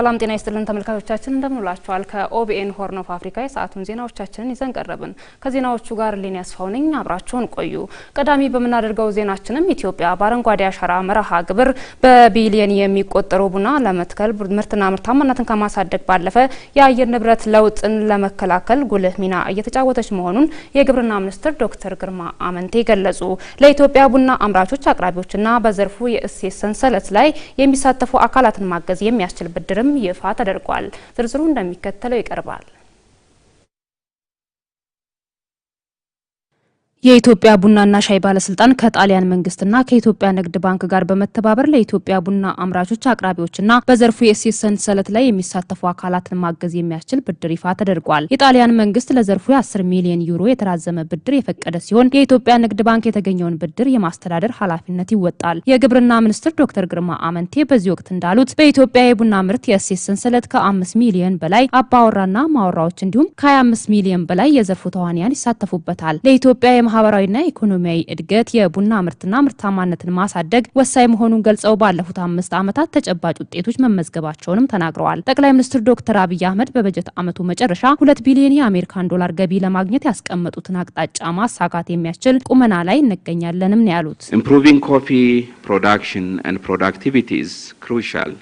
ሰላም ጤና ይስጥልን ተመልካቾቻችን፣ እንደምንውላችኋል። ከኦቢኤን ሆርን ኦፍ አፍሪካ የሰዓቱን ዜናዎቻችንን ይዘን ቀረብን። ከዜናዎቹ ጋር ሊን ያስፋው ነኝ። አብራችሁን ቆዩ። ቀዳሚ በምናደርገው ዜናችንም ኢትዮጵያ በአረንጓዴ አሻራ መርሃ ግብር በቢሊየን የሚቆጠሩ ቡና ለመትከል ምርትና ምርታማነትን ከማሳደግ ባለፈ የአየር ንብረት ለውጥን ለመከላከል ጉልህ ሚና እየተጫወተች መሆኑን የግብርና ሚኒስትር ዶክተር ግርማ አመንቴ ገለጹ። ለኢትዮጵያ ቡና አምራቾች፣ አቅራቢዎችና በዘርፉ የእሴት ሰንሰለት ላይ የሚሳተፉ አካላትን ማገዝ የሚያስችል ብድርም ይፋ ተደርጓል። ዝርዝሩ እንደሚከተለው ይቀርባል። የኢትዮጵያ ቡናና ሻይ ባለስልጣን ከጣሊያን መንግስትና ከኢትዮጵያ ንግድ ባንክ ጋር በመተባበር ለኢትዮጵያ ቡና አምራቾች፣ አቅራቢዎችና በዘርፉ የእሴት ሰንሰለት ላይ የሚሳተፉ አካላትን ማገዝ የሚያስችል ብድር ይፋ ተደርጓል። የጣሊያን መንግስት ለዘርፉ የ10 ሚሊዮን ዩሮ የተራዘመ ብድር የፈቀደ ሲሆን የኢትዮጵያ ንግድ ባንክ የተገኘውን ብድር የማስተዳደር ኃላፊነት ይወጣል። የግብርና ሚኒስትር ዶክተር ግርማ አመንቴ በዚህ ወቅት እንዳሉት በኢትዮጵያ የቡና ምርት የእሴት ሰንሰለት ከ5 ሚሊዮን በላይ አባወራና ማወራዎች እንዲሁም ከ25 ሚሊዮን በላይ የዘርፉ ተዋንያን ይሳተፉበታል። ለኢትዮጵያ ማህበራዊና ኢኮኖሚያዊ እድገት የቡና ምርትና ምርታማነትን ማሳደግ ወሳኝ መሆኑን ገልጸው ባለፉት አምስት ዓመታት ተጨባጭ ውጤቶች መመዝገባቸውንም ተናግረዋል። ጠቅላይ ሚኒስትር ዶክተር አብይ አህመድ በበጀት ዓመቱ መጨረሻ ሁለት ቢሊዮን የአሜሪካን ዶላር ገቢ ለማግኘት ያስቀመጡትን አቅጣጫ ማሳካት የሚያስችል ቁመና ላይ እንገኛለንም ነው ያሉት። ኢምፕሩቪንግ ኮፊ ፕሮዳክሽን ፕሮዳክቲቪቲ ኢዝ ክሩሻል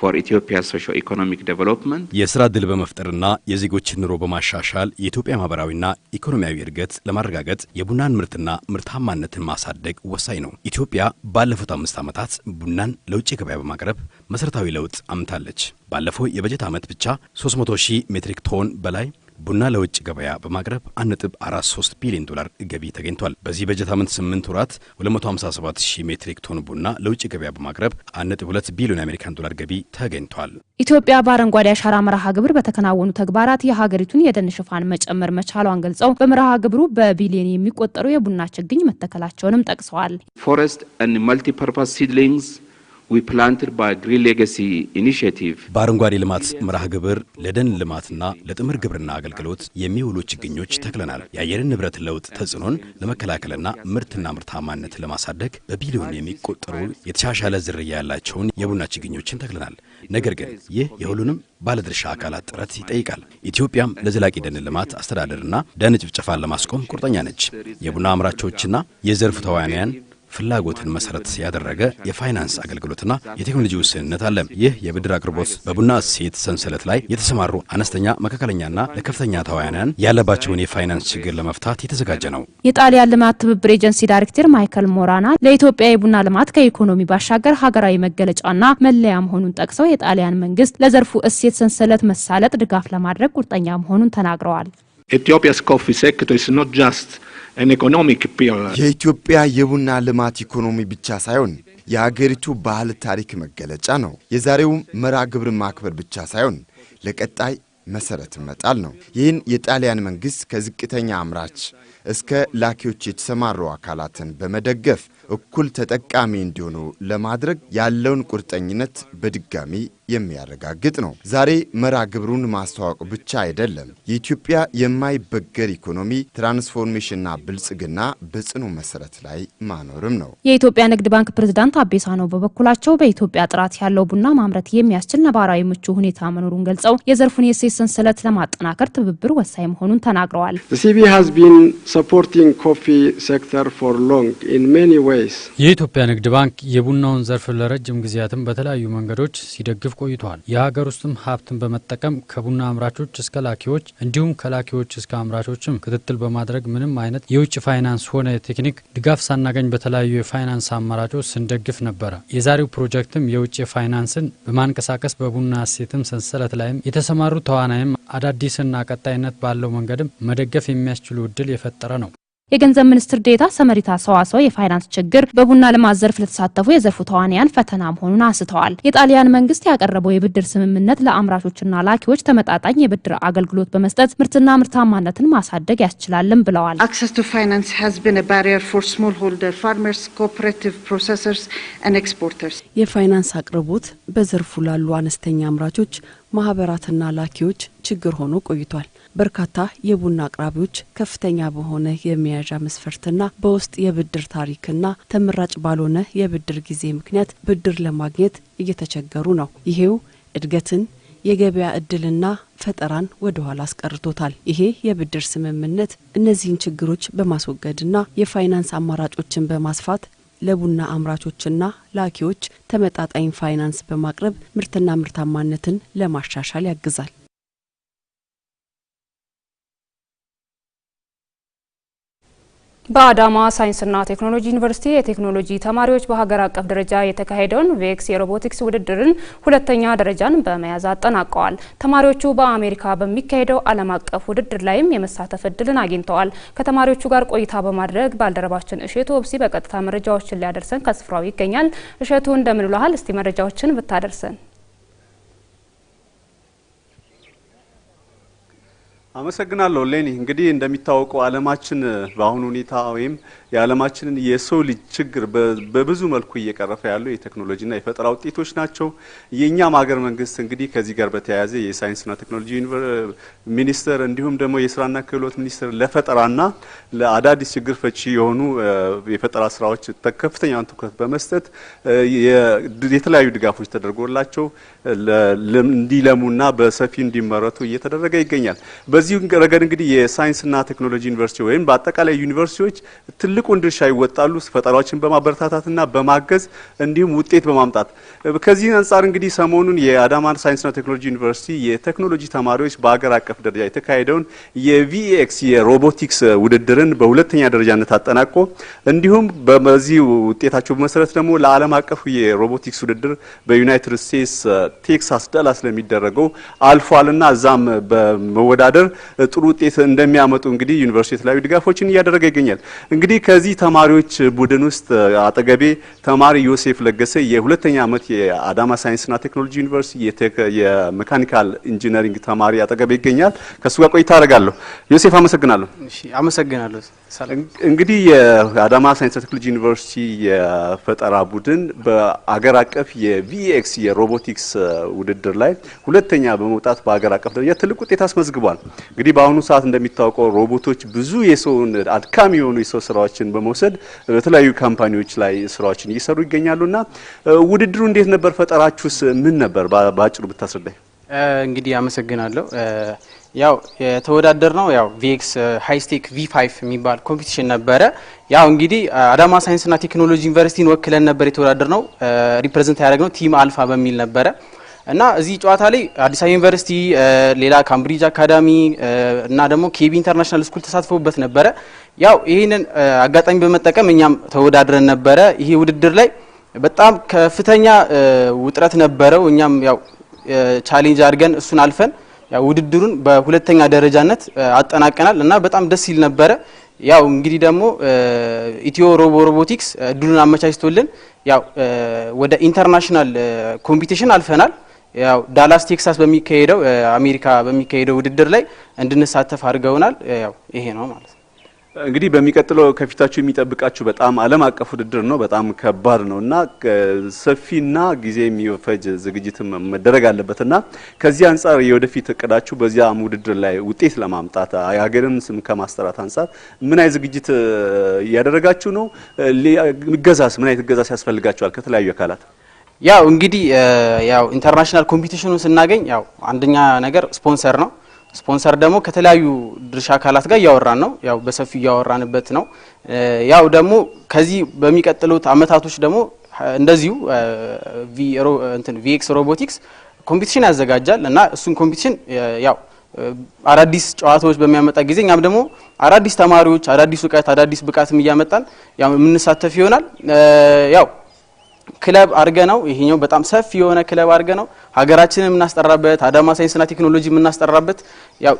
ፎር ኢትዮጵያ ሶሾ ኢኮኖሚክ ዴቨሎፕመንት የስራ ድል በመፍጠርና የዜጎችን ኑሮ በማሻሻል የኢትዮጵያ ማህበራዊና ኢኮኖሚያዊ እድገት ለማረጋገጥ የቡናን ምርትና ምርታማነትን ማሳደግ ወሳኝ ነው። ኢትዮጵያ ባለፉት አምስት ዓመታት ቡናን ለውጭ ገበያ በማቅረብ መሠረታዊ ለውጥ አምታለች። ባለፈው የበጀት ዓመት ብቻ 300 ሺህ ሜትሪክ ቶን በላይ ቡና ለውጭ ገበያ በማቅረብ 1.43 ቢሊዮን ዶላር ገቢ ተገኝቷል። በዚህ በጀት ዓመት 8 ወራት 257 ሺህ ሜትሪክ ቶን ቡና ለውጭ ገበያ በማቅረብ 1.2 ቢሊዮን የአሜሪካን ዶላር ገቢ ተገኝቷል። ኢትዮጵያ በአረንጓዴ አሻራ መርሃ ግብር በተከናወኑ ተግባራት የሀገሪቱን የደን ሽፋን መጨመር መቻሏን ገልጸው በመርሃ ግብሩ በቢሊዮን የሚቆጠሩ የቡና ችግኝ መተከላቸውንም ጠቅሰዋል። ፎረስት ኤንድ ማልቲፐርፐስ ሲድሊንግስ በአረንጓዴ ልማት መርሃ ግብር ለደን ልማትና ለጥምር ግብርና አገልግሎት የሚውሉ ችግኞች ተክለናል። የአየርን ንብረት ለውጥ ተጽዕኖን ለመከላከልና ምርትና ምርታማነት ለማሳደግ በቢሊዮን የሚቆጠሩ የተሻሻለ ዝርያ ያላቸውን የቡና ችግኞችን ተክለናል። ነገር ግን ይህ የሁሉንም ባለድርሻ አካላት ጥረት ይጠይቃል። ኢትዮጵያም ለዘላቂ ደን ልማት አስተዳደርና ደን ጭፍጨፋን ለማስቆም ቁርጠኛ ነች። የቡና አምራቾችና የዘርፉ ተዋንያን ፍላጎትን መሰረት ያደረገ የፋይናንስ አገልግሎትና የቴክኖሎጂ ውስንነት አለ። ይህ የብድር አቅርቦት በቡና እሴት ሰንሰለት ላይ የተሰማሩ አነስተኛ፣ መካከለኛና ለከፍተኛ ተዋናያን ያለባቸውን የፋይናንስ ችግር ለመፍታት የተዘጋጀ ነው። የጣሊያን ልማት ትብብር ኤጀንሲ ዳይሬክተር ማይከል ሞራና ለኢትዮጵያ የቡና ልማት ከኢኮኖሚ ባሻገር ሀገራዊ መገለጫና መለያ መሆኑን ጠቅሰው የጣሊያን መንግስት ለዘርፉ እሴት ሰንሰለት መሳለጥ ድጋፍ ለማድረግ ቁርጠኛ መሆኑን ተናግረዋል። ኢትዮጵያስ ኮፊ ሴክቶ is ኖት just የኢትዮጵያ የቡና ልማት ኢኮኖሚ ብቻ ሳይሆን የሀገሪቱ ባህል ታሪክ መገለጫ ነው። የዛሬው መርሃ ግብርን ማክበር ብቻ ሳይሆን ለቀጣይ መሰረት መጣል ነው። ይህን የጣሊያን መንግሥት ከዝቅተኛ አምራች እስከ ላኪዎች የተሰማሩ አካላትን በመደገፍ እኩል ተጠቃሚ እንዲሆኑ ለማድረግ ያለውን ቁርጠኝነት በድጋሚ የሚያረጋግጥ ነው። ዛሬ መርሃ ግብሩን ማስተዋወቅ ብቻ አይደለም፣ የኢትዮጵያ የማይበገር ኢኮኖሚ ትራንስፎርሜሽንና ብልጽግና በጽኑ መሰረት ላይ ማኖርም ነው። የኢትዮጵያ ንግድ ባንክ ፕሬዝዳንት አቤሳ ነው በበኩላቸው በኢትዮጵያ ጥራት ያለው ቡና ማምረት የሚያስችል ነባራዊ ምቹ ሁኔታ መኖሩን ገልጸው የዘርፉን የእሴት ሰንሰለት ለማጠናከር ትብብር ወሳኝ መሆኑን ተናግረዋል። ሲቢ ሃዝ ቢን ሰፖርቲንግ ኮፊ ሴክተር ፎር ሎንግ ኢን ሜኒ የኢትዮጵያ ንግድ ባንክ የቡናውን ዘርፍ ለረጅም ጊዜያትም በተለያዩ መንገዶች ሲደግፍ ቆይቷል። የሀገር ውስጥም ሀብትን በመጠቀም ከቡና አምራቾች እስከ ላኪዎች እንዲሁም ከላኪዎች እስከ አምራቾችም ክትትል በማድረግ ምንም አይነት የውጭ ፋይናንስ ሆነ የቴክኒክ ድጋፍ ሳናገኝ በተለያዩ የፋይናንስ አማራጮች ስንደግፍ ነበረ። የዛሬው ፕሮጀክትም የውጭ ፋይናንስን በማንቀሳቀስ በቡና እሴትም ሰንሰለት ላይም የተሰማሩ ተዋናይም አዳዲስና ቀጣይነት ባለው መንገድም መደገፍ የሚያስችሉ እድል የፈጠረ ነው። የገንዘብ ሚኒስትር ዴታ ሰመሪታ ሰዋሰው የፋይናንስ ችግር በቡና ልማት ዘርፍ ለተሳተፉ የዘርፉ ተዋንያን ፈተና መሆኑን አንስተዋል። የጣሊያን መንግስት ያቀረበው የብድር ስምምነት ለአምራቾችና ላኪዎች ተመጣጣኝ የብድር አገልግሎት በመስጠት ምርትና ምርታማነትን ማሳደግ ያስችላልም ብለዋል። አክሰስ ቱ ፋይናንስ ሃዝ ቢን አ ባሪየር ፎር ስሞል ሆልደር ፋርመርስ፣ ኮኦፐሬቲቭ ፕሮሰሰርስ ኤንድ ኤክስፖርተርስ። የፋይናንስ አቅርቦት በዘርፉ ላሉ አነስተኛ አምራቾች ማህበራትና ላኪዎች ችግር ሆኖ ቆይቷል። በርካታ የቡና አቅራቢዎች ከፍተኛ በሆነ የመያዣ መስፈርትና በውስጥ የብድር ታሪክና ተመራጭ ባልሆነ የብድር ጊዜ ምክንያት ብድር ለማግኘት እየተቸገሩ ነው። ይሄው እድገትን የገበያ እድልና ፈጠራን ወደ ኋላ አስቀርቶታል። ይሄ የብድር ስምምነት እነዚህን ችግሮች በማስወገድና የፋይናንስ አማራጮችን በማስፋት ለቡና አምራቾችና ላኪዎች ተመጣጣኝ ፋይናንስ በማቅረብ ምርትና ምርታማነትን ለማሻሻል ያግዛል። በአዳማ ሳይንስና ቴክኖሎጂ ዩኒቨርሲቲ የቴክኖሎጂ ተማሪዎች በሀገር አቀፍ ደረጃ የተካሄደውን ቬክስ የሮቦቲክስ ውድድርን ሁለተኛ ደረጃን በመያዝ አጠናቀዋል። ተማሪዎቹ በአሜሪካ በሚካሄደው ዓለም አቀፍ ውድድር ላይም የመሳተፍ እድልን አግኝተዋል። ከተማሪዎቹ ጋር ቆይታ በማድረግ ባልደረባችን እሸቱ ወብሲ በቀጥታ መረጃዎችን ሊያደርሰን ከስፍራው ይገኛል። እሸቱ እንደምን ውለሃል? እስቲ መረጃዎችን ብታደርሰን አመሰግናለሁ ሌኒ። እንግዲህ እንደሚታወቀው ዓለማችን በአሁኑ ሁኔታ ወይም የዓለማችንን የሰው ልጅ ችግር በብዙ መልኩ እየቀረፈ ያለው የቴክኖሎጂና የፈጠራ ውጤቶች ናቸው። የእኛም ሀገር መንግስት እንግዲህ ከዚህ ጋር በተያያዘ የሳይንስና ቴክኖሎጂ ሚኒስቴር እንዲሁም ደግሞ የስራና ክህሎት ሚኒስቴር ለፈጠራና ለአዳዲስ ችግር ፈቺ የሆኑ የፈጠራ ስራዎች ከፍተኛውን ትኩረት በመስጠት የተለያዩ ድጋፎች ተደርጎላቸው እንዲለሙና በሰፊ እንዲመረቱ እየተደረገ ይገኛል። በዚህ ረገድ እንግዲህ የሳይንስና ቴክኖሎጂ ዩኒቨርሲቲ ወይም በአጠቃላይ ዩኒቨርሲቲዎች ትልቁን ድርሻ ይወጣሉ። ፈጠራዎችን በማበረታታትና በማገዝ እንዲሁም ውጤት በማምጣት ከዚህ አንጻር እንግዲህ ሰሞኑን የአዳማ ሳይንስና ቴክኖሎጂ ዩኒቨርሲቲ የቴክኖሎጂ ተማሪዎች በሀገር አቀፍ ደረጃ የተካሄደውን የቪኤክስ የሮቦቲክስ ውድድርን በሁለተኛ ደረጃነት አጠናቆ እንዲሁም በዚህ ውጤታቸው መሰረት ደግሞ ለዓለም አቀፉ የሮቦቲክስ ውድድር በዩናይትድ ስቴትስ ቴክሳስ ዳላስ ለሚደረገው አልፏልና እዛም በመወዳደር ጥሩ ውጤት እንደሚያመጡ እንግዲህ ዩኒቨርሲቲ የተለያዩ ድጋፎችን እያደረገ ይገኛል። እንግዲህ ከዚህ ተማሪዎች ቡድን ውስጥ አጠገቤ ተማሪ ዮሴፍ ለገሰ የሁለተኛ ዓመት የአዳማ ሳይንስና ቴክኖሎጂ ዩኒቨርሲቲ የመካኒካል ኢንጂነሪንግ ተማሪ አጠገቤ ይገኛል። ከእሱ ጋር ቆይታ አደርጋለሁ። ዮሴፍ አመሰግናለሁ። አመሰግናለሁ። እንግዲህ የአዳማ ሳይንስ ቴክኖሎጂ ዩኒቨርሲቲ የፈጠራ ቡድን በአገር አቀፍ የቪኤክስ የሮቦቲክስ ውድድር ላይ ሁለተኛ በመውጣት በአገር አቀፍ ደረጃ ትልቅ ውጤት አስመዝግቧል። እንግዲህ በአሁኑ ሰዓት እንደሚታወቀው ሮቦቶች ብዙ የሰውን አድካሚ የሆኑ የሰው ስራዎችን በመውሰድ በተለያዩ ካምፓኒዎች ላይ ስራዎችን እየሰሩ ና ውድድሩ እንዴት ነበር? ፈጠራችሁስ ምን ነበር? በአጭሩ ብታስረዳኝ። እንግዲህ አመሰግናለሁ። ያው የተወዳደር ነው ያው ቪኤክስ ሃይስቴክ ቪ5 የሚባል ኮምፒቲሽን ነበረ። ያው እንግዲህ uh, አዳማ ሳይንስና ቴክኖሎጂ ዩኒቨርሲቲን ወክለን ነበር የተወዳደር ነው። ሪፕሬዘንት ነው ቲም አልፋ በሚል ነበረ እና እዚህ ጨዋታ ላይ አዲስ አበባ ዩኒቨርሲቲ፣ uh, ሌላ ካምብሪጅ አካዳሚ uh, እና ደግሞ ኬቢ ኢንተርናሽናል ስኩል ተሳትፎበት ነበረ። ያው ይህንን አጋጣሚ በመጠቀም እኛም ተወዳድረን ነበረ። ይሄ ውድድር ላይ በጣም ከፍተኛ ውጥረት ነበረው። እኛም ያው ቻሌንጅ አድርገን እሱን አልፈን ውድድሩን በሁለተኛ ደረጃነት አጠናቀናል እና በጣም ደስ ይል ነበረ። ያው እንግዲህ ደግሞ ኢትዮ ሮቦ ሮቦቲክስ እድሉን አመቻችቶልን ያው ወደ ኢንተርናሽናል ኮምፒቲሽን አልፈናል። ያው ዳላስ ቴክሳስ በሚካሄደው አሜሪካ በሚካሄደው ውድድር ላይ እንድንሳተፍ አድርገውናል። ያው ይሄ ነው ማለት ነው። እንግዲህ በሚቀጥለው ከፊታችሁ የሚጠብቃችሁ በጣም ዓለም አቀፍ ውድድር ነው። በጣም ከባድ ነው እና ሰፊና ጊዜ የሚፈጅ ዝግጅትም መደረግ አለበት እና ከዚህ አንጻር የወደፊት እቅዳችሁ በዚያም ውድድር ላይ ውጤት ለማምጣት የሀገርን ስም ከማስጠራት አንጻር ምን አይነት ዝግጅት እያደረጋችሁ ነው? እገዛስ ምን አይነት እገዛስ ያስፈልጋችኋል ከተለያዩ አካላት? ያው እንግዲህ ያው ኢንተርናሽናል ኮምፒቲሽኑን ስናገኝ ያው አንደኛ ነገር ስፖንሰር ነው ስፖንሰር ደግሞ ከተለያዩ ድርሻ አካላት ጋር እያወራን ነው። ያው በሰፊው እያወራንበት ነው። ያው ደግሞ ከዚህ በሚቀጥሉት አመታቶች ደግሞ እንደዚሁ ቪኤክስ ሮቦቲክስ ኮምፒቲሽን ያዘጋጃል እና እሱን ኮምፒቲሽን ያው አዳዲስ ጨዋታዎች በሚያመጣ ጊዜ እኛም ደግሞ አዳዲስ ተማሪዎች፣ አዳዲስ እውቀት፣ አዳዲስ ብቃትም እያመጣን ያው የምንሳተፍ ይሆናል ያው ክለብ አድርገ ነው ይሄኛው በጣም ሰፊ የሆነ ክለብ አድርገ ነው ሀገራችንን የምናስጠራበት አዳማ ሳይንስና ቴክኖሎጂ የምናስጠራበት ያው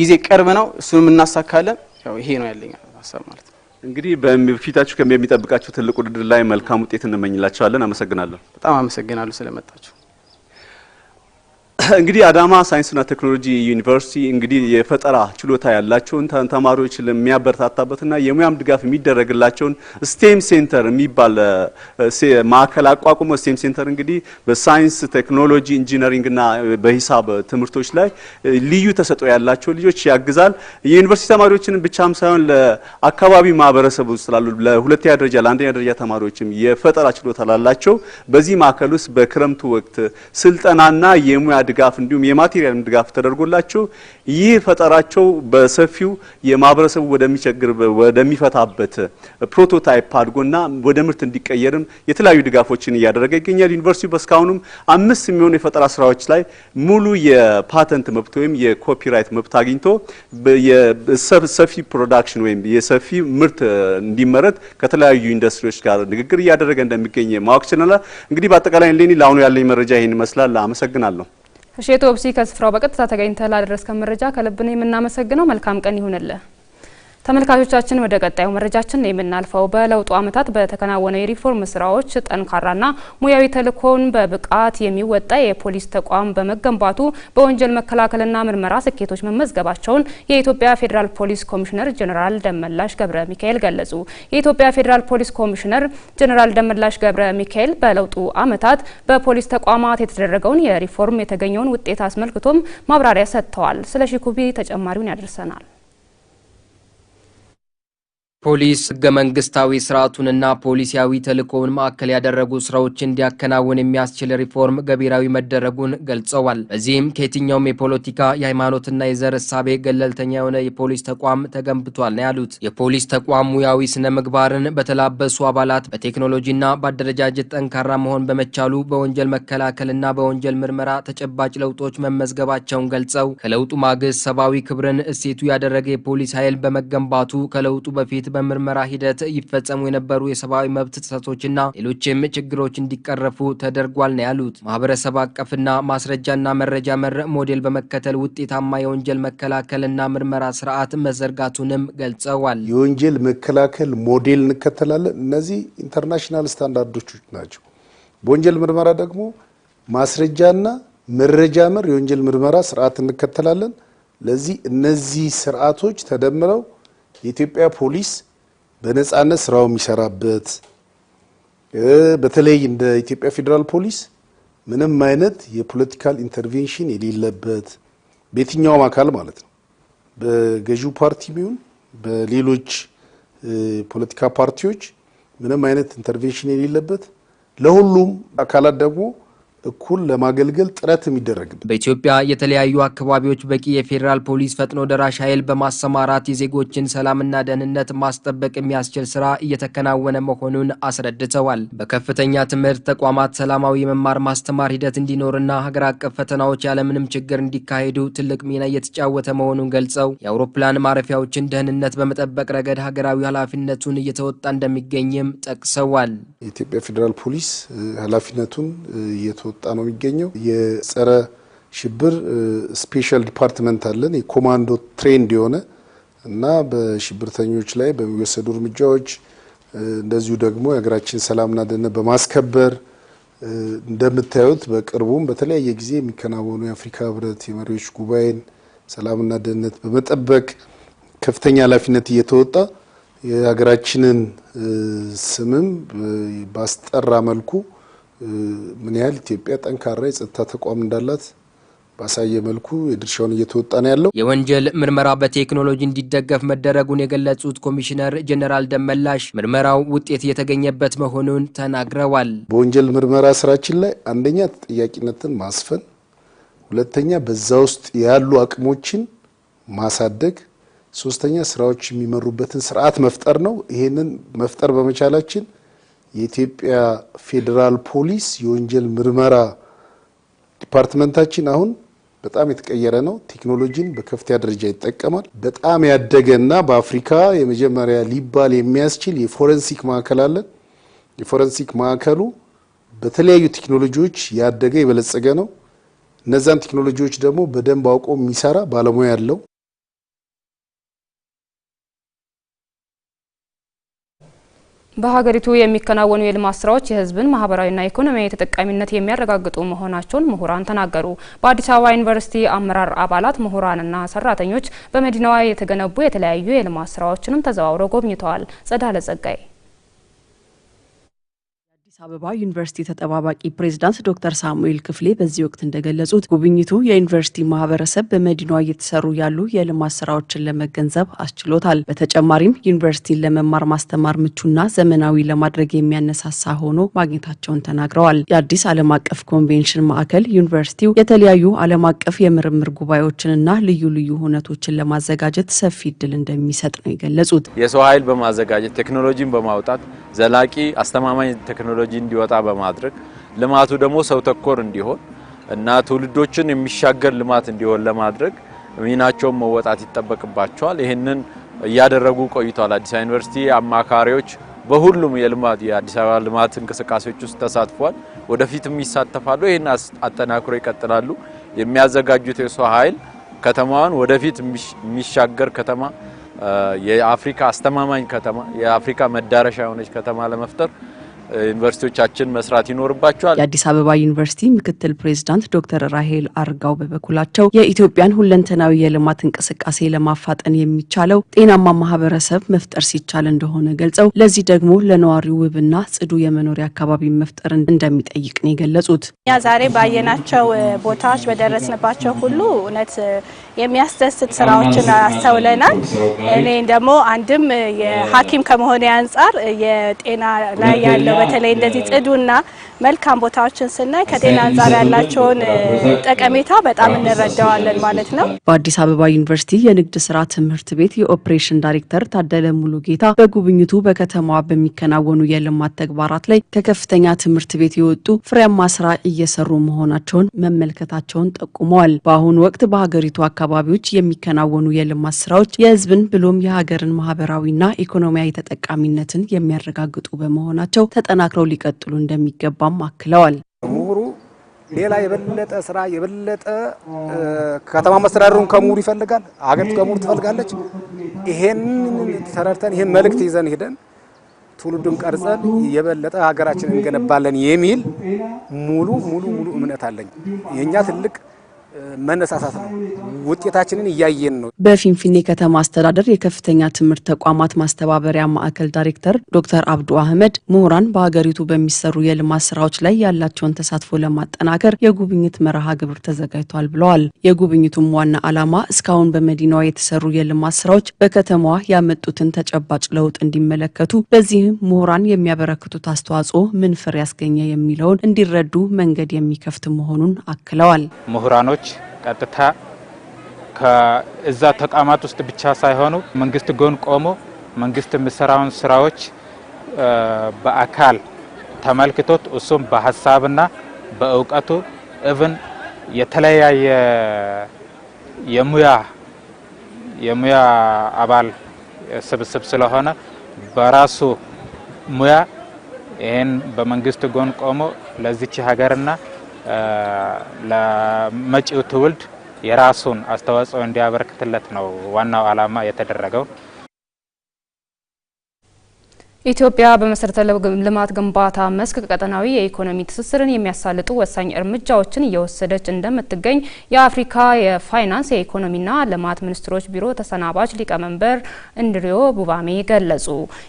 ጊዜ ቅርብ ነው። እሱንም እናሳካለን። ያው ይሄ ነው ያለኝ ሀሳብ ማለት ነው። እንግዲህ በፊታችሁ ከሚጠብቃችሁ ትልቅ ውድድር ላይ መልካም ውጤት እንመኝላቸዋለን። አመሰግናለሁ። በጣም አመሰግናለሁ ስለመጣችሁ። እንግዲህ አዳማ ሳይንስና ቴክኖሎጂ ዩኒቨርሲቲ እንግዲህ የፈጠራ ችሎታ ያላቸውን ተማሪዎች ለሚያበረታታበትና የሙያም ድጋፍ የሚደረግላቸውን ስቴም ሴንተር የሚባል ማዕከል አቋቁሞ ስቴም ሴንተር እንግዲህ በሳይንስ ቴክኖሎጂ፣ ኢንጂነሪንግና በሂሳብ ትምህርቶች ላይ ልዩ ተሰጥኦ ያላቸው ልጆች ያግዛል። የዩኒቨርሲቲ ተማሪዎችን ብቻም ሳይሆን ለአካባቢ ማህበረሰብ ውስጥ ላሉ ለሁለተኛ ደረጃ ለአንደኛ ደረጃ ተማሪዎችም የፈጠራ ችሎታ ላላቸው በዚህ ማዕከል ውስጥ በክረምቱ ወቅት ስልጠናና የሙያ ድጋፍ እንዲሁም የማቴሪያልም ድጋፍ ተደርጎላቸው ይህ ፈጠራቸው በሰፊው የማህበረሰቡ ወደሚቸግር ወደሚፈታበት ፕሮቶታይፕ አድጎና ወደ ምርት እንዲቀየርም የተለያዩ ድጋፎችን እያደረገ ይገኛል። ዩኒቨርሲቲው በእስካሁኑም አምስት የሚሆኑ የፈጠራ ስራዎች ላይ ሙሉ የፓተንት መብት ወይም የኮፒራይት መብት አግኝቶ ሰፊ ፕሮዳክሽን ወይም የሰፊ ምርት እንዲመረት ከተለያዩ ኢንዱስትሪዎች ጋር ንግግር እያደረገ እንደሚገኝ ማወቅ ችለናል። እንግዲህ በአጠቃላይ ሌኒ ለአሁኑ ያለኝ መረጃ ይህን ይመስላል። አመሰግናለሁ። እሺ፣ የቶፕሲ ከስፍራው በቀጥታ ተገኝተህ ላደረስከን መረጃ ከልብ ነው የምናመሰግነው። መልካም ቀን ይሁንልህ። ተመልካቾቻችን ወደ ቀጣዩ መረጃችን የምናልፈው በለውጡ ዓመታት በተከናወነ የሪፎርም ስራዎች ጠንካራና ሙያዊ ተልእኮውን በብቃት የሚወጣ የፖሊስ ተቋም በመገንባቱ በወንጀል መከላከልና ምርመራ ስኬቶች መመዝገባቸውን የኢትዮጵያ ፌዴራል ፖሊስ ኮሚሽነር ጀኔራል ደመላሽ ገብረ ሚካኤል ገለጹ። የኢትዮጵያ ፌዴራል ፖሊስ ኮሚሽነር ጀኔራል ደመላሽ ገብረ ሚካኤል በለውጡ ዓመታት በፖሊስ ተቋማት የተደረገውን የሪፎርም የተገኘውን ውጤት አስመልክቶም ማብራሪያ ሰጥተዋል። ስለሺ ኩቢ ተጨማሪውን ያደርሰናል። ፖሊስ ህገ መንግስታዊ ስርዓቱንና ፖሊሲያዊ ተልእኮውን ማዕከል ያደረጉ ስራዎች እንዲያከናውን የሚያስችል ሪፎርም ገቢራዊ መደረጉን ገልጸዋል። በዚህም ከየትኛውም የፖለቲካ የሃይማኖትና የዘር እሳቤ ገለልተኛ የሆነ የፖሊስ ተቋም ተገንብቷል ነው ያሉት። የፖሊስ ተቋም ሙያዊ ስነ ምግባርን በተላበሱ አባላት በቴክኖሎጂና በአደረጃጀት ጠንካራ መሆን በመቻሉ በወንጀል መከላከልና በወንጀል ምርመራ ተጨባጭ ለውጦች መመዝገባቸውን ገልጸው ከለውጡ ማግስት ሰብአዊ ክብርን እሴቱ ያደረገ የፖሊስ ኃይል በመገንባቱ ከለውጡ በፊት በምርመራ ሂደት ይፈጸሙ የነበሩ የሰብአዊ መብት ጥሰቶችና ሌሎችም ችግሮች እንዲቀረፉ ተደርጓል ነው ያሉት። ማህበረሰብ አቀፍና ማስረጃና መረጃ መር ሞዴል በመከተል ውጤታማ የወንጀል መከላከልና ምርመራ ስርዓት መዘርጋቱንም ገልጸዋል። የወንጀል መከላከል ሞዴል እንከተላለን። እነዚህ ኢንተርናሽናል ስታንዳርዶች ናቸው። በወንጀል ምርመራ ደግሞ ማስረጃና መረጃ መር የወንጀል ምርመራ ስርዓት እንከተላለን። ለዚህ እነዚህ ስርዓቶች ተደምረው የኢትዮጵያ ፖሊስ በነፃነት ስራው የሚሰራበት በተለይ እንደ ኢትዮጵያ ፌዴራል ፖሊስ ምንም አይነት የፖለቲካል ኢንተርቬንሽን የሌለበት በየትኛውም አካል ማለት ነው፣ በገዢው ፓርቲ ቢሆን በሌሎች ፖለቲካ ፓርቲዎች ምንም አይነት ኢንተርቬንሽን የሌለበት ለሁሉም አካላት ደግሞ እኩል ለማገልገል ጥረት የሚደረግበት በኢትዮጵያ የተለያዩ አካባቢዎች በቂ የፌዴራል ፖሊስ ፈጥኖ ደራሽ ኃይል በማሰማራት የዜጎችን ሰላምና ደህንነት ማስጠበቅ የሚያስችል ስራ እየተከናወነ መሆኑን አስረድተዋል። በከፍተኛ ትምህርት ተቋማት ሰላማዊ የመማር ማስተማር ሂደት እንዲኖርና ሀገር አቀፍ ፈተናዎች ያለምንም ችግር እንዲካሄዱ ትልቅ ሚና እየተጫወተ መሆኑን ገልጸው የአውሮፕላን ማረፊያዎችን ደህንነት በመጠበቅ ረገድ ሀገራዊ ኃላፊነቱን እየተወጣ እንደሚገኝም ጠቅሰዋል። የኢትዮጵያ ፌዴራል ፖሊስ ኃላፊነቱን እየወጣ ነው የሚገኘው። የጸረ ሽብር ስፔሻል ዲፓርትመንት አለን። የኮማንዶ ትሬንድ የሆነ እና በሽብርተኞች ላይ በሚወሰዱ እርምጃዎች እንደዚሁ ደግሞ የሀገራችን ሰላምና ደህንነት በማስከበር እንደምታዩት በቅርቡም በተለያየ ጊዜ የሚከናወኑ የአፍሪካ ህብረት የመሪዎች ጉባኤን ሰላምና ደህንነት በመጠበቅ ከፍተኛ ኃላፊነት እየተወጣ የሀገራችንን ስምም ባስጠራ መልኩ ምን ያህል ኢትዮጵያ ጠንካራ የጸጥታ ተቋም እንዳላት ባሳየ መልኩ የድርሻውን እየተወጣ ነው ያለው። የወንጀል ምርመራ በቴክኖሎጂ እንዲደገፍ መደረጉን የገለጹት ኮሚሽነር ጀኔራል ደመላሽ ምርመራው ውጤት የተገኘበት መሆኑን ተናግረዋል። በወንጀል ምርመራ ስራችን ላይ አንደኛ ተጠያቂነትን ማስፈን፣ ሁለተኛ በዛ ውስጥ ያሉ አቅሞችን ማሳደግ፣ ሶስተኛ ስራዎች የሚመሩበትን ስርዓት መፍጠር ነው። ይሄንን መፍጠር በመቻላችን የኢትዮጵያ ፌዴራል ፖሊስ የወንጀል ምርመራ ዲፓርትመንታችን አሁን በጣም የተቀየረ ነው። ቴክኖሎጂን በከፍተኛ ደረጃ ይጠቀማል። በጣም ያደገ እና በአፍሪካ የመጀመሪያ ሊባል የሚያስችል የፎረንሲክ ማዕከል አለን። የፎረንሲክ ማዕከሉ በተለያዩ ቴክኖሎጂዎች ያደገ የበለጸገ ነው። እነዛን ቴክኖሎጂዎች ደግሞ በደንብ አውቆ የሚሰራ ባለሙያ ያለው በሀገሪቱ የሚከናወኑ የልማት ስራዎች የህዝብን ማህበራዊና ኢኮኖሚያዊ ተጠቃሚነት የሚያረጋግጡ መሆናቸውን ምሁራን ተናገሩ። በአዲስ አበባ ዩኒቨርሲቲ አመራር አባላት፣ ምሁራንና ሰራተኞች በመዲናዋ የተገነቡ የተለያዩ የልማት ስራዎችንም ተዘዋውረው ጎብኝተዋል። ጸዳለ ጸጋይ አበባ ዩኒቨርሲቲ ተጠባባቂ ፕሬዝዳንት ዶክተር ሳሙኤል ክፍሌ በዚህ ወቅት እንደገለጹት ጉብኝቱ የዩኒቨርሲቲ ማህበረሰብ በመዲናዋ እየተሰሩ ያሉ የልማት ስራዎችን ለመገንዘብ አስችሎታል። በተጨማሪም ዩኒቨርሲቲን ለመማር ማስተማር ምቹና ዘመናዊ ለማድረግ የሚያነሳሳ ሆኖ ማግኘታቸውን ተናግረዋል። የአዲስ ዓለም አቀፍ ኮንቬንሽን ማዕከል ዩኒቨርሲቲው የተለያዩ ዓለም አቀፍ የምርምር ጉባኤዎችንና ልዩ ልዩ ሁነቶችን ለማዘጋጀት ሰፊ እድል እንደሚሰጥ ነው የገለጹት። የሰው ኃይል በማዘጋጀት ቴክኖሎጂን በማውጣት ዘላቂ አስተማማኝ ቴክኖሎጂ ቴክኖሎጂ እንዲወጣ በማድረግ ልማቱ ደግሞ ሰው ተኮር እንዲሆን እና ትውልዶችን የሚሻገር ልማት እንዲሆን ለማድረግ ሚናቸውን መወጣት ይጠበቅባቸዋል። ይህንን እያደረጉ ቆይተዋል። አዲስ አበባ ዩኒቨርሲቲ አማካሪዎች በሁሉም የልማት የአዲስ አበባ ልማት እንቅስቃሴዎች ውስጥ ተሳትፏል። ወደፊትም ይሳተፋሉ። ይህን አጠናክሮ ይቀጥላሉ። የሚያዘጋጁት የሰው ኃይል ከተማዋን ወደፊት የሚሻገር ከተማ፣ የአፍሪካ አስተማማኝ ከተማ፣ የአፍሪካ መዳረሻ የሆነች ከተማ ለመፍጠር ዩኒቨርሲቲዎቻችን መስራት ይኖርባቸዋል። የአዲስ አበባ ዩኒቨርሲቲ ምክትል ፕሬዚዳንት ዶክተር ራሄል አርጋው በበኩላቸው የኢትዮጵያን ሁለንተናዊ የልማት እንቅስቃሴ ለማፋጠን የሚቻለው ጤናማ ማህበረሰብ መፍጠር ሲቻል እንደሆነ ገልጸው ለዚህ ደግሞ ለነዋሪው ውብና ጽዱ የመኖሪያ አካባቢ መፍጠር እንደሚጠይቅ ነው የገለጹት። እኛ ዛሬ ባየናቸው ቦታዎች በደረስንባቸው ሁሉ እውነት የሚያስደስት ስራዎችን አስተውለናል። እኔ ደግሞ አንድም የሐኪም ከመሆኔ አንጻር የጤና ላይ ያለው በተለይ እንደዚህ ጽዱና መልካም ቦታዎችን ስናይ ከጤና አንጻር ያላቸውን ጠቀሜታ በጣም እንረዳዋለን ማለት ነው። በአዲስ አበባ ዩኒቨርሲቲ የንግድ ስራ ትምህርት ቤት የኦፕሬሽን ዳይሬክተር ታደለ ሙሉ ጌታ በጉብኝቱ በከተማዋ በሚከናወኑ የልማት ተግባራት ላይ ከከፍተኛ ትምህርት ቤት የወጡ ፍሬያማ ስራ እየሰሩ መሆናቸውን መመልከታቸውን ጠቁመዋል። በአሁኑ ወቅት በሀገሪቱ አካባቢዎች የሚከናወኑ የልማት ስራዎች የህዝብን ብሎም የሀገርን ማህበራዊና ኢኮኖሚያዊ ተጠቃሚነትን የሚያረጋግጡ በመሆናቸው ተጠናክረው ሊቀጥሉ እንደሚገባም አክለዋል። ምሁሩ ሌላ የበለጠ ስራ የበለጠ ከተማ መስተዳደሩን ከምሁሩ ይፈልጋል፣ ሀገር ከምሁሩ ትፈልጋለች። ይሄን ተረድተን ይሄን መልእክት ይዘን ሄደን ትውልዱን ቀርጸን የበለጠ ሀገራችን እንገነባለን የሚል ሙሉ ሙሉ ሙሉ እምነት አለኝ። የእኛ ትልቅ መነሳሳት ነው። ውጤታችንን እያየን ነው። በፊንፊኔ ከተማ አስተዳደር የከፍተኛ ትምህርት ተቋማት ማስተባበሪያ ማዕከል ዳይሬክተር ዶክተር አብዱ አህመድ ምሁራን በሀገሪቱ በሚሰሩ የልማት ስራዎች ላይ ያላቸውን ተሳትፎ ለማጠናከር የጉብኝት መርሃ ግብር ተዘጋጅቷል ብለዋል። የጉብኝቱም ዋና ዓላማ እስካሁን በመዲናዋ የተሰሩ የልማት ስራዎች በከተማዋ ያመጡትን ተጨባጭ ለውጥ እንዲመለከቱ፣ በዚህም ምሁራን የሚያበረክቱት አስተዋጽኦ ምን ፍሬ ያስገኘ የሚለውን እንዲረዱ መንገድ የሚከፍት መሆኑን አክለዋል። ምሁራኖች ቀጥታ ከእዛ ተቋማት ውስጥ ብቻ ሳይሆኑ መንግስት ጎን ቆሞ መንግስት የሚሰራውን ስራዎች በአካል ተመልክቶት እሱም በሀሳብና በእውቀቱ እብን የተለያየ የሙያ የሙያ አባል ስብስብ ስለሆነ በራሱ ሙያ ይህን በመንግስት ጎን ቆሞ ለዚች ሀገርና ለመጪው ትውልድ የራሱን አስተዋጽኦ እንዲያበረክትለት ነው ዋናው ዓላማ የተደረገው። ኢትዮጵያ በመሰረተ ልማት ግንባታ መስክ ቀጠናዊ የኢኮኖሚ ትስስርን የሚያሳልጡ ወሳኝ እርምጃዎችን እየወሰደች እንደምትገኝ የአፍሪካ የፋይናንስ የኢኮኖሚና ልማት ሚኒስትሮች ቢሮ ተሰናባች ሊቀመንበር እንድሪዮ ቡባሜ ገለጹ።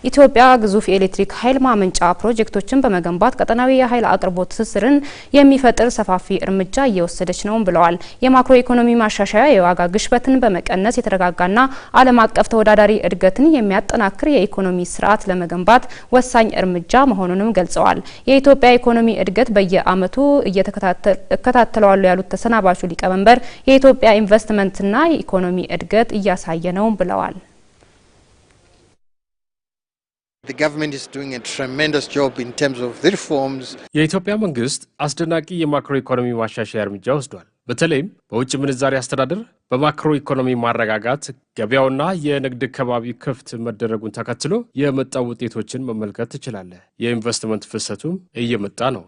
ኢትዮጵያ ግዙፍ የኤሌክትሪክ ኃይል ማመንጫ ፕሮጀክቶችን በመገንባት ቀጠናዊ የኃይል አቅርቦት ትስስርን የሚፈጥር ሰፋፊ እርምጃ እየወሰደች ነው ብለዋል። የማክሮ ኢኮኖሚ ማሻሻያ የዋጋ ግሽበትን በመቀነስ የተረጋጋና ዓለም አቀፍ ተወዳዳሪ እድገትን የሚያጠናክር የኢኮኖሚ ስርዓት ለመገንባት ለመገንባት ወሳኝ እርምጃ መሆኑንም ገልጸዋል። የኢትዮጵያ ኢኮኖሚ እድገት በየዓመቱ እየተከታተለዋሉ ያሉት ተሰናባቹ ሊቀመንበር የኢትዮጵያ ኢንቨስትመንትና የኢኮኖሚ እድገት እያሳየ ነው ብለዋል። የኢትዮጵያ መንግስት አስደናቂ የማክሮ ኢኮኖሚ ማሻሻያ እርምጃ ወስዷል። በተለይም በውጭ ምንዛሪ አስተዳደር በማክሮ ኢኮኖሚ ማረጋጋት ገበያውና የንግድ ከባቢ ክፍት መደረጉን ተከትሎ የመጣው ውጤቶችን መመልከት ትችላለህ። የኢንቨስትመንት ፍሰቱም እየመጣ ነው።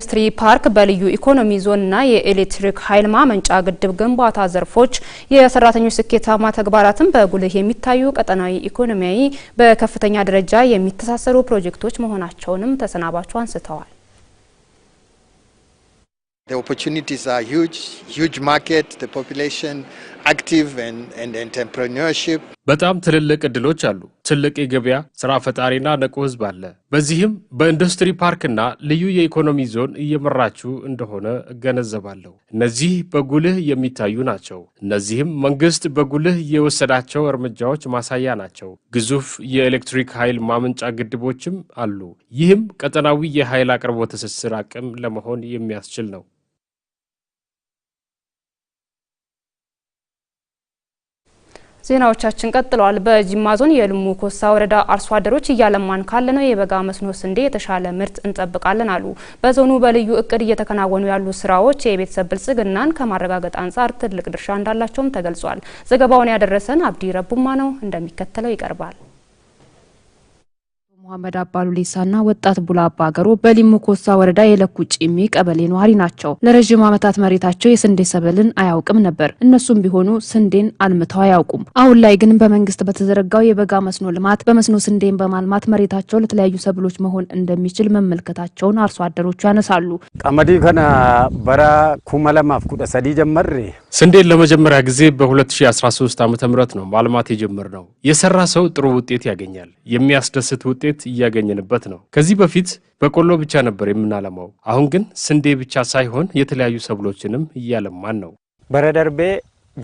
ኢንዱስትሪ ፓርክ በልዩ ኢኮኖሚ ዞንና የኤሌክትሪክ ኃይል ማመንጫ ግድብ ግንባታ ዘርፎች የሰራተኞች ስኬታማ ተግባራትን በጉልህ የሚታዩ ቀጠናዊ ኢኮኖሚያዊ በከፍተኛ ደረጃ የሚተሳሰሩ ፕሮጀክቶች መሆናቸውንም ተሰናባቸው አንስተዋል። በጣም ትልልቅ እድሎች አሉ። ትልቅ የገበያ ስራ ፈጣሪና ንቁ ህዝብ አለ። በዚህም በኢንዱስትሪ ፓርክና ልዩ የኢኮኖሚ ዞን እየመራችሁ እንደሆነ እገነዘባለሁ። እነዚህ በጉልህ የሚታዩ ናቸው። እነዚህም መንግስት በጉልህ የወሰዳቸው እርምጃዎች ማሳያ ናቸው። ግዙፍ የኤሌክትሪክ ኃይል ማመንጫ ግድቦችም አሉ። ይህም ቀጠናዊ የኃይል አቅርቦት ትስስር አቅም ለመሆን የሚያስችል ነው። ዜናዎቻችን ቀጥለዋል። በጂማ ዞን የልሙ ኮሳ ወረዳ አርሶ አደሮች እያለማን ካለነው የበጋ መስኖ ስንዴ የተሻለ ምርት እንጠብቃለን አሉ። በዞኑ በልዩ እቅድ እየተከናወኑ ያሉ ስራዎች የቤተሰብ ብልጽግናን ከማረጋገጥ አንጻር ትልቅ ድርሻ እንዳላቸውም ተገልጿል። ዘገባውን ያደረሰን አብዲ ረቡማ ነው፣ እንደሚከተለው ይቀርባል። መሐመድ አባሉ ሌሳና ወጣት ቡላ አባ ገሮ በሊሙ ኮሳ ወረዳ የለኩ ጪሚ ቀበሌ ነዋሪ ናቸው። ለረዥም ዓመታት መሬታቸው የስንዴ ሰብልን አያውቅም ነበር። እነሱም ቢሆኑ ስንዴን አልምተው አያውቁም። አሁን ላይ ግን በመንግስት በተዘረጋው የበጋ መስኖ ልማት በመስኖ ስንዴን በማልማት መሬታቸው ለተለያዩ ሰብሎች መሆን እንደሚችል መመልከታቸውን አርሶ አደሮቹ ያነሳሉ። ቀመዲ ከነ በራ ኩመለማፍ ኩደ ሰዲ ጀመር ስንዴን ለመጀመሪያ ጊዜ በ2013 ዓ ም ነው ማልማት የጀመር ነው። የሰራ ሰው ጥሩ ውጤት ያገኛል። የሚያስደስት ውጤት ውጤት እያገኘንበት ነው። ከዚህ በፊት በቆሎ ብቻ ነበር የምናለማው። አሁን ግን ስንዴ ብቻ ሳይሆን የተለያዩ ሰብሎችንም እያለማን ነው። በረደርቤ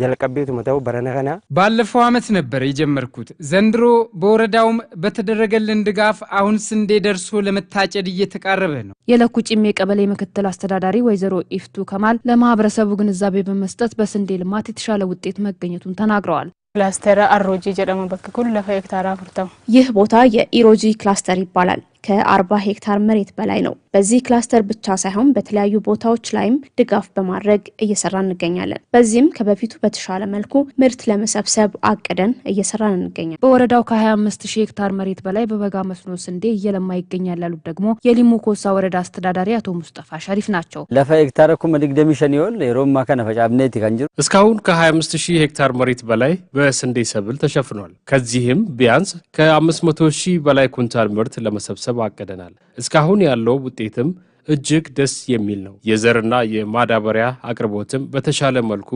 ጀልቀቤቱ መተው በረነከና ባለፈው ዓመት ነበር የጀመርኩት። ዘንድሮ በወረዳውም በተደረገልን ድጋፍ አሁን ስንዴ ደርሶ ለመታጨድ እየተቃረበ ነው። የለኩ ጭሜ ቀበሌ ምክትል አስተዳዳሪ ወይዘሮ ኢፍቱ ከማል ለማህበረሰቡ ግንዛቤ በመስጠት በስንዴ ልማት የተሻለ ውጤት መገኘቱን ተናግረዋል። ክላስተር አሮጂ ጀደሙ በክ ኩል ለፈ ሄክታራ አፍርተሙ ይህ ቦታ የኢሮጂ ክላስተር ይባላል። ከ40 ሄክታር መሬት በላይ ነው። በዚህ ክላስተር ብቻ ሳይሆን በተለያዩ ቦታዎች ላይም ድጋፍ በማድረግ እየሰራ እንገኛለን። በዚህም ከበፊቱ በተሻለ መልኩ ምርት ለመሰብሰብ አቅደን እየሰራን እንገኛለን። በወረዳው ከ25 ሺህ ሄክታር መሬት በላይ በበጋ መስኖ ስንዴ እየለማ ይገኛል ያሉት ደግሞ የሊሙ ኮሳ ወረዳ አስተዳዳሪ አቶ ሙስጠፋ ሸሪፍ ናቸው። ለፈ ሄክታር ይሆን የሮም ሸኒዮል ሮማ ከነፈጫብነት ይካንጅሩ እስካሁን ከ25 ሺህ ሄክታር መሬት በላይ በስንዴ ሰብል ተሸፍኗል። ከዚህም ቢያንስ ከ500 ሺህ በላይ ኩንታል ምርት ለመሰብሰብ ለማሰባሰብ አቅደናል። እስካሁን ያለው ውጤትም እጅግ ደስ የሚል ነው። የዘርና የማዳበሪያ አቅርቦትም በተሻለ መልኩ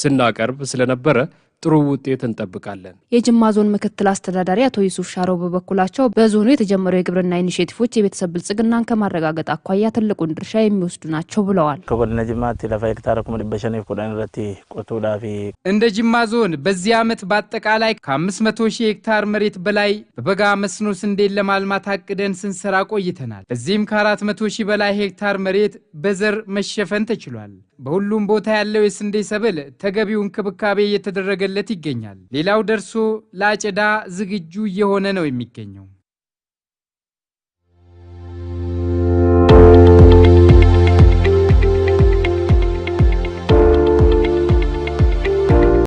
ስናቀርብ ስለነበረ ጥሩ ውጤት እንጠብቃለን። የጅማ ዞን ምክትል አስተዳዳሪ አቶ ዩሱፍ ሻሮ በበኩላቸው በዞኑ የተጀመረው የግብርና ኢኒሽቲቮች የቤተሰብ ብልጽግናን ከማረጋገጥ አኳያ ትልቁን ድርሻ የሚወስዱ ናቸው ብለዋል። እንደ ጅማ ዞን በዚህ ዓመት በአጠቃላይ ከ500 ሺህ ሄክታር መሬት በላይ በበጋ መስኖ ስንዴን ለማልማት አቅደን ስንሰራ ቆይተናል። በዚህም ከ400 ሺህ በላይ ሄክታር መሬት በዘር መሸፈን ተችሏል። በሁሉም ቦታ ያለው የስንዴ ሰብል ተገቢው እንክብካቤ እየተደረገ እየተደረገለት ይገኛል። ሌላው ደርሶ ለአጨዳ ዝግጁ እየሆነ ነው የሚገኘው።